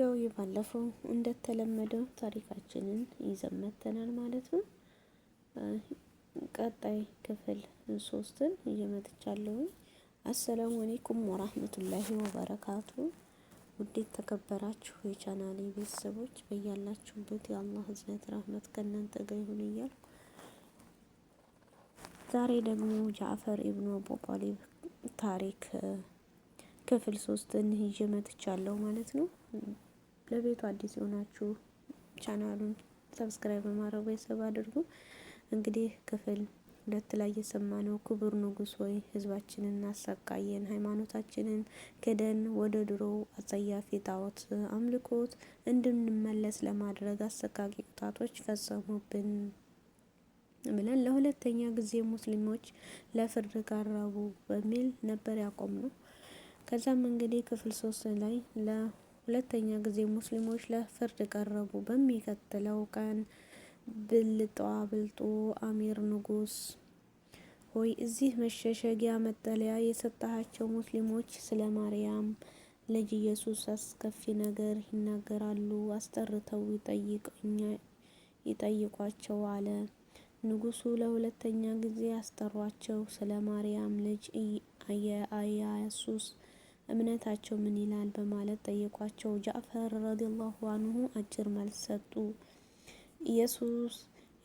ያው የባለፈው እንደተለመደው ታሪካችንን ይዘን ማለት ነው። ቀጣይ ክፍል ሶስትን እየመጥቻለሁ። አሰላሙ አለይኩም ወራህመቱላሂ ወበረካቱ። ውዴት ተከበራችሁ የቻናሌ ቤተሰቦች በያላችሁበት የአላህ ህዝነት ረህመት ከእናንተ ጋር ይሁን እያልኩ ዛሬ ደግሞ ጃዕፈር ኢብኑ አቡ ጣሊብ ታሪክ ክፍል ሶስትን ይዤ መጥቻለሁ ማለት ነው። ለቤቱ አዲስ የሆናችሁ ቻናሉን ሰብስክራይብ በማድረግ ቤተሰብ አድርጉ። እንግዲህ ክፍል ሁለት ላይ የሰማነው ክቡር ንጉስ ሆይ ህዝባችንን አሳቃየን፣ ሃይማኖታችንን ክደን ወደ ድሮ አጸያፊ ጣዖት አምልኮት እንድንመለስ ለማድረግ አሰቃቂ ቅጣቶች ፈጸሙብን ብለን ለሁለተኛ ጊዜ ሙስሊሞች ለፍርድ ቀረቡ በሚል ነበር ያቆም ነው። ከዛም እንግዲህ ክፍል ሶስት ላይ ለሁለተኛ ጊዜ ሙስሊሞች ለፍርድ ቀረቡ። በሚቀጥለው ቀን ብልጧ ብልጡ አሚር ንጉስ ሆይ እዚህ መሸሸጊያ መጠለያ የሰጣቸው ሙስሊሞች ስለ ማርያም ልጅ ኢየሱስ አስከፊ ነገር ይናገራሉ፣ አስጠርተው ይጠይቋቸው አለ። ንጉሱ ለሁለተኛ ጊዜ አስጠሯቸው። ስለ ማርያም ልጅ ኢየሱስ እምነታቸው ምን ይላል በማለት ጠየቋቸው። ጃዕፈር ረዲየላሁ አንሁ አጭር መልስ ሰጡ። ኢየሱስ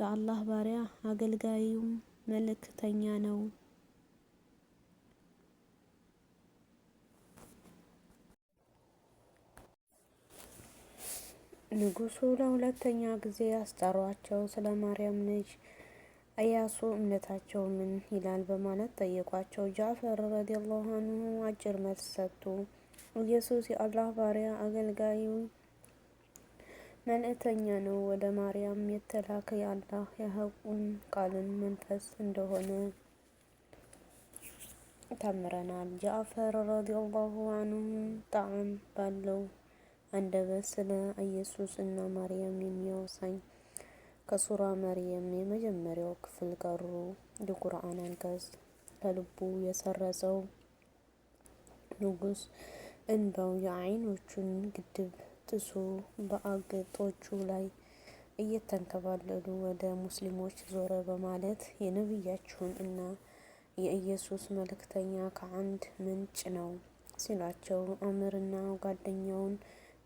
የአላህ ባሪያ አገልጋዩም መልእክተኛ ነው። ንጉሱ ለሁለተኛ ጊዜ አስጠሯቸው። ስለ ማርያም ልጅ እያሱ እምነታቸው ምን ይላል በማለት ጠየቋቸው። ጃፈር ረዲየላሁ አንሁ አጭር መልስ ሰጡ። ኢየሱስ የአላህ ባሪያ አገልጋዩ መልእክተኛ ነው። ወደ ማርያም የተላከ የአላህ የሐቁን ቃልን መንፈስ እንደሆነ ተምረናል። ጃፈር ረዲየላሁ አንሁ ጣዕም ባለው አንደበት ስለ ኢየሱስ እና ማርያም የሚያወሳኝ ከሱራ መርየም የመጀመሪያው ክፍል ቀሩ። የቁርአን አንቀጽ ከልቡ የሰረጸው ንጉስ እንባው የአይኖቹን ግድብ ጥሶ በአገጦቹ ላይ እየተንከባለሉ ወደ ሙስሊሞች ዞረ በማለት የነቢያችሁን እና የኢየሱስ መልእክተኛ ከአንድ ምንጭ ነው ሲሏቸው፣ አምርና ጓደኛውን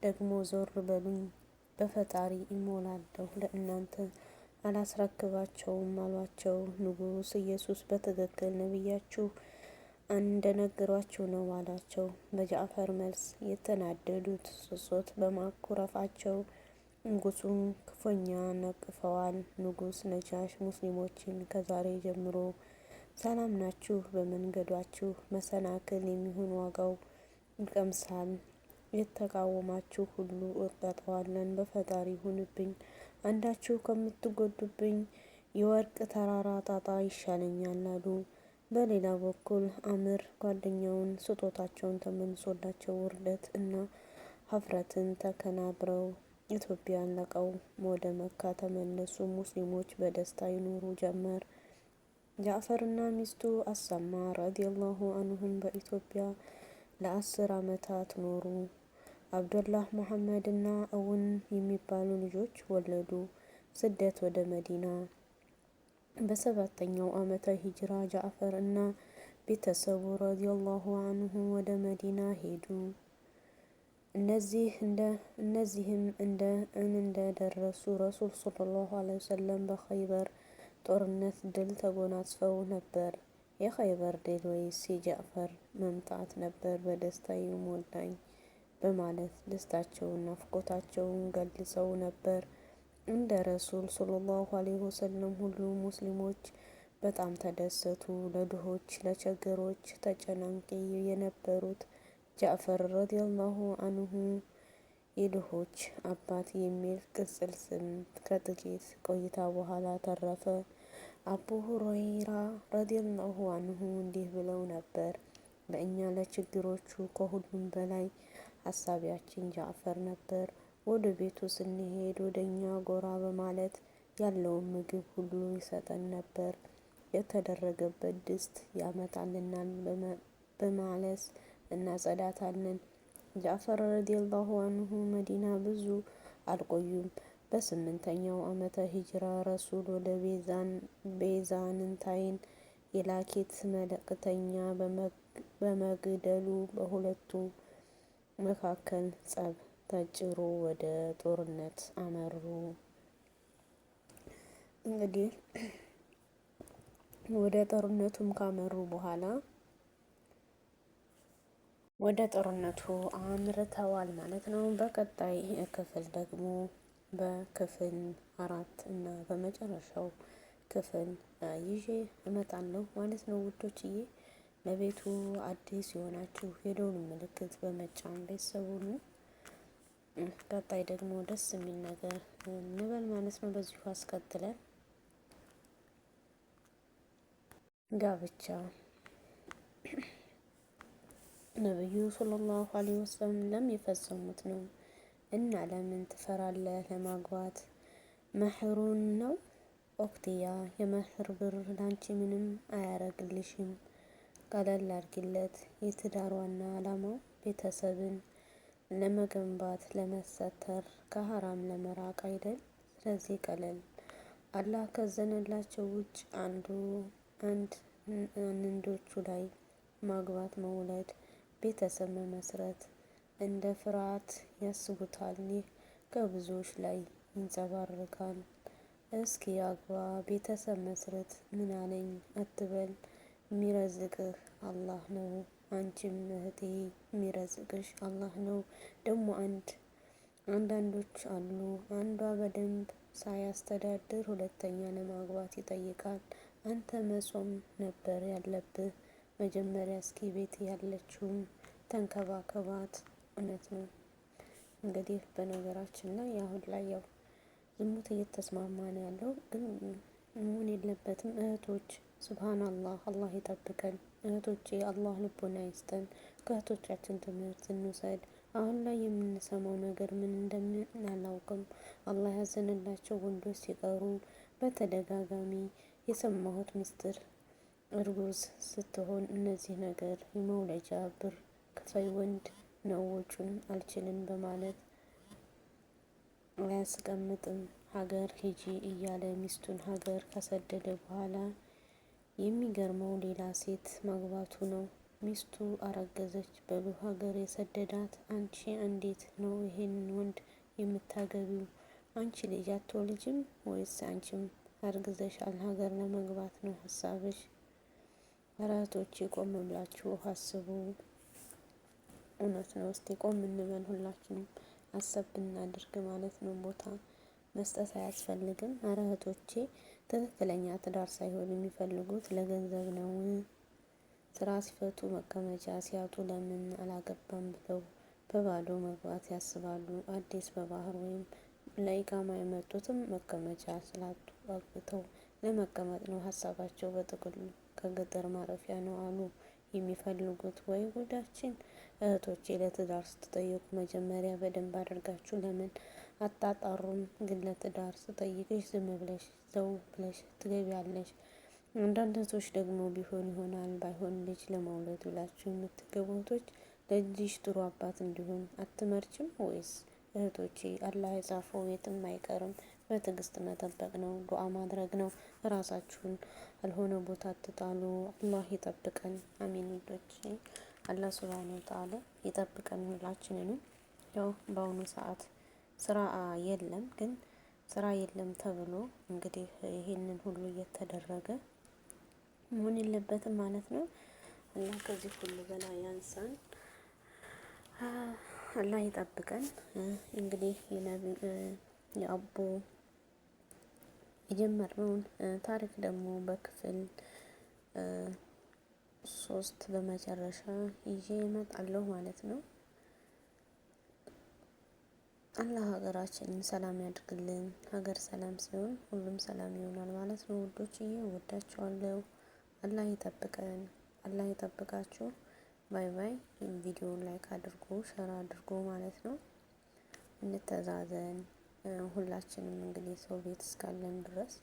ደግሞ ዞር በሉኝ በፈጣሪ ይሞላለሁ! ለእናንተ አላስረክባቸውም አሏቸው። ንጉስ ኢየሱስ በትክክል ነቢያችሁ እንደነገሯችሁ ነው አላቸው። በጃፈር መልስ የተናደዱት ስሶት በማኩረፋቸው ንጉሱን ክፉኛ ነቅፈዋል። ንጉስ ነጃሽ ሙስሊሞችን ከዛሬ ጀምሮ ሰላም ናችሁ፣ በመንገዷችሁ መሰናክል የሚሆን ዋጋው ይቀምሳል የተቃወማችሁ ሁሉ እቀጣዋለን፣ በፈጣሪ ሁንብኝ። አንዳችሁ ከምትጎዱብኝ የወርቅ ተራራ ጣጣ ይሻለኛል አሉ። በሌላ በኩል አምር ጓደኛውን ስጦታቸውን ተመልሶላቸው ውርደት እና ሀፍረትን ተከናብረው ኢትዮጵያን ለቀው ወደ መካ ተመለሱ። ሙስሊሞች በደስታ ይኖሩ ጀመር። ጃዕፈርና ሚስቱ አሳማ ረዲየላሁ አንሁም በኢትዮጵያ ለአስር ዓመታት ኖሩ። አብዶላህ ሙሐመድ እና እውን የሚባሉ ልጆች ወለዱ። ስደት ወደ መዲና በሰባተኛው ዓመተ ሂጅራ ጃዕፈር እና ቤተሰቡ ረዲየላሁ አንሁ ወደ መዲና ሄዱ። እነዚህም እንደ እን ደረሱ ረሱል ሰለላሁ ዐለይሂ ወሰለም በኸይበር ጦርነት ድል ተጎናጽፈው ነበር። የኸይበር ድል ወይስ የጃዕፈር መምጣት ነበር በደስታ የሞላኝ? በማለት ደስታቸውን፣ ናፍቆታቸውን ገልጸው ነበር። እንደ ረሱል ሰለላሁ ዐለይሂ ወሰለም ሁሉ ሙስሊሞች በጣም ተደሰቱ። ለድሆች ለቸገሮች ተጨናንቂ የነበሩት ጃዕፈር ረዲየላሁ አንሁ የድሆች አባት የሚል ቅጽል ስም ከጥቂት ቆይታ በኋላ ተረፈ። አቡ ሁረይራ ረዲየላሁ አንሁ እንዲህ ብለው ነበር፣ ለእኛ ለችግሮቹ ከሁሉም በላይ አሳቢያችን ጃዕፈር ነበር። ወደ ቤቱ ስንሄድ ወደ እኛ ጎራ በማለት ያለውን ምግብ ሁሉ ይሰጠን ነበር። የተደረገበት ድስት ያመጣልናል በማለስ እናጸዳታለን። ጃዕፈር ረዲየላሁ አንሁ መዲና ብዙ አልቆዩም። በስምንተኛው ዓመተ ሂጅራ ረሱል ወደ ታይን የላኬት መልእክተኛ በመግደሉ በሁለቱ መካከል ጸብ ተጭሮ ወደ ጦርነት አመሩ። እንግዲህ ወደ ጦርነቱም ካመሩ በኋላ ወደ ጦርነቱ አምርተዋል ማለት ነው። በቀጣይ ክፍል ደግሞ በክፍል አራት እና በመጨረሻው ክፍል ይዤ እመጣለሁ ማለት ነው ውዶችዬ። ለቤቱ አዲስ የሆናችሁ የደውል ምልክት በመጫን ቤተሰቡ ቀጣይ ደግሞ ደስ የሚል ነገር እንበል ማለት ነው። በዚሁ አስከትለን ጋብቻ ነብዩ ሰለላሁ ዐለይሂ ወሰለም የፈጸሙት ነው እና ለምን ትፈራለህ? ለማግባት መህሩን ነው ኦክትያ የመህር ብር ላንቺ ምንም አያረግልሽም። ቀለል አድርጊለት። የትዳር ዋና ዓላማው ቤተሰብን ለመገንባት ለመሰተር፣ ከሀራም ለመራቅ አይደል? ስለዚህ ቀለል አላህ ከዘነላቸው ውጭ አንዱ አንድ አንንዶቹ ላይ ማግባት፣ መውለድ፣ ቤተሰብ መመስረት እንደ ፍርሃት ያስቡታል። ይህ ከብዙዎች ላይ ይንጸባረቃል። እስኪ አግባ፣ ቤተሰብ መስረት፣ ምን አለኝ አትበል። የሚረዝቅህ አላህ ነው። አንቺም እህቴ የሚረዝቅሽ አላህ ነው። ደግሞ አንድ አንዳንዶች አሉ አንዷ በደንብ ሳያስተዳድር ሁለተኛ ለማግባት ይጠይቃል። አንተ መጾም ነበር ያለብህ መጀመሪያ። እስኪ ቤት ያለችውን ተንከባከባት። እውነት ነው። እንግዲህ በነገራችን ላይ አሁን ላይ ያው ዝሙት እየተስማማ ነው ያለው፣ ግን መሆን የለበትም እህቶች ሱብሃን አላህ አላህ ይጠብቀን። እህቶቼ አላህ ልቦና ይስጠን። ከእህቶቻችን ትምህርት እንውሰድ። አሁን ላይ የምንሰማው ነገር ምን እንደምን አናውቅም። አላህ ያዘንላቸው ወንዶች ሲቀሩ በተደጋጋሚ የሰማሁት ምስጢር እርጉዝ ስትሆን እነዚህ ነገር የመውለጃ ብር ከፋይ ወንድ ነው ወጩን አልችልም በማለት አያስቀምጥም ሀገር ሂጂ እያለ ሚስቱን ሀገር ከሰደደ በኋላ የሚገርመው ሌላ ሴት መግባቱ ነው። ሚስቱ አረገዘች በሉ ሀገር የሰደዳት። አንቺ እንዴት ነው ይሄን ወንድ የምታገቢው? አንቺ ልጅ አትወልጅም ወይስ አንቺም አርግዘሻል? ሀገር ለመግባት ነው ሀሳብሽ? እህቶቼ ቆም ብላችሁ አስቡ። እውነት ነው። እስቲ ቆም እንበል ሁላችንም አሰብ እናድርግ ማለት ነው። ቦታ መስጠት አያስፈልግም። እህቶቼ ትክክለኛ ትዳር ሳይሆን የሚፈልጉት ለገንዘብ ነው። ስራ ሲፈቱ መቀመጫ ሲያጡ ለምን አላገባም ብለው በባዶ መግባት ያስባሉ። አዲስ በባህር ወይም ለኢቃማ የመጡትም መቀመጫ ስላጡ አግብተው ለመቀመጥ ነው። ሀሳባቸው በጥቅሉ ከገጠር ማረፊያ ነው አሉ የሚፈልጉት። ወይ ጉዳችን! እህቶቼ ለትዳር ስትጠየቁ መጀመሪያ በደንብ አድርጋችሁ ለምን አታጣሩም። ግን ለትዳር ስጠይቅሽ ዝም ብለሽ ዘው ብለሽ ትገቢያለሽ። አንዳንድ እህቶች ደግሞ ቢሆን ይሆናል ባይሆን ልጅ ለማውለድ ብላችሁ የምትገቡ እህቶች ለልጅሽ ጥሩ አባት እንዲሆን አትመርጭም ወይስ? እህቶቼ አላህ የጻፈው የትም አይቀርም። በትዕግስት መጠበቅ ነው፣ ዱአ ማድረግ ነው። ራሳችሁን አልሆነ ቦታ አትጣሉ። አላህ ይጠብቀን። አሚን። ውዶች አላህ ስብሃነ ወተዓላ ይጠብቀን ሁላችንንም። ያው በአሁኑ ሰዓት ስራ የለም። ግን ስራ የለም ተብሎ እንግዲህ ይሄንን ሁሉ እየተደረገ መሆን የለበትም ማለት ነው። እና ከዚህ ሁሉ በላይ ያንሳን፣ አላህ ይጠብቀን። እንግዲህ የአቦ የጀመርነውን ታሪክ ደግሞ በክፍል ሶስት በመጨረሻ ይዤ እመጣለሁ ማለት ነው። አላህ ሀገራችንን ሰላም ያድርግልን። ሀገር ሰላም ሲሆን ሁሉም ሰላም ይሆናል ማለት ነው። ውዶች እዬ ወዳችኋለሁ። አላህ ይጠብቀን፣ አላህ ይጠብቃችሁ። ባይ ባይ። ቪዲዮውን ላይክ አድርጎ ሸር አድርጎ ማለት ነው። እንተዛዘን ሁላችንም እንግዲህ ሰው ቤት እስካለን ድረስ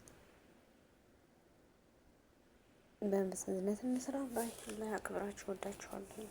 በምስነት እንስራ። ባይ። ላይ አክብራችሁ ወዳችኋለሁ።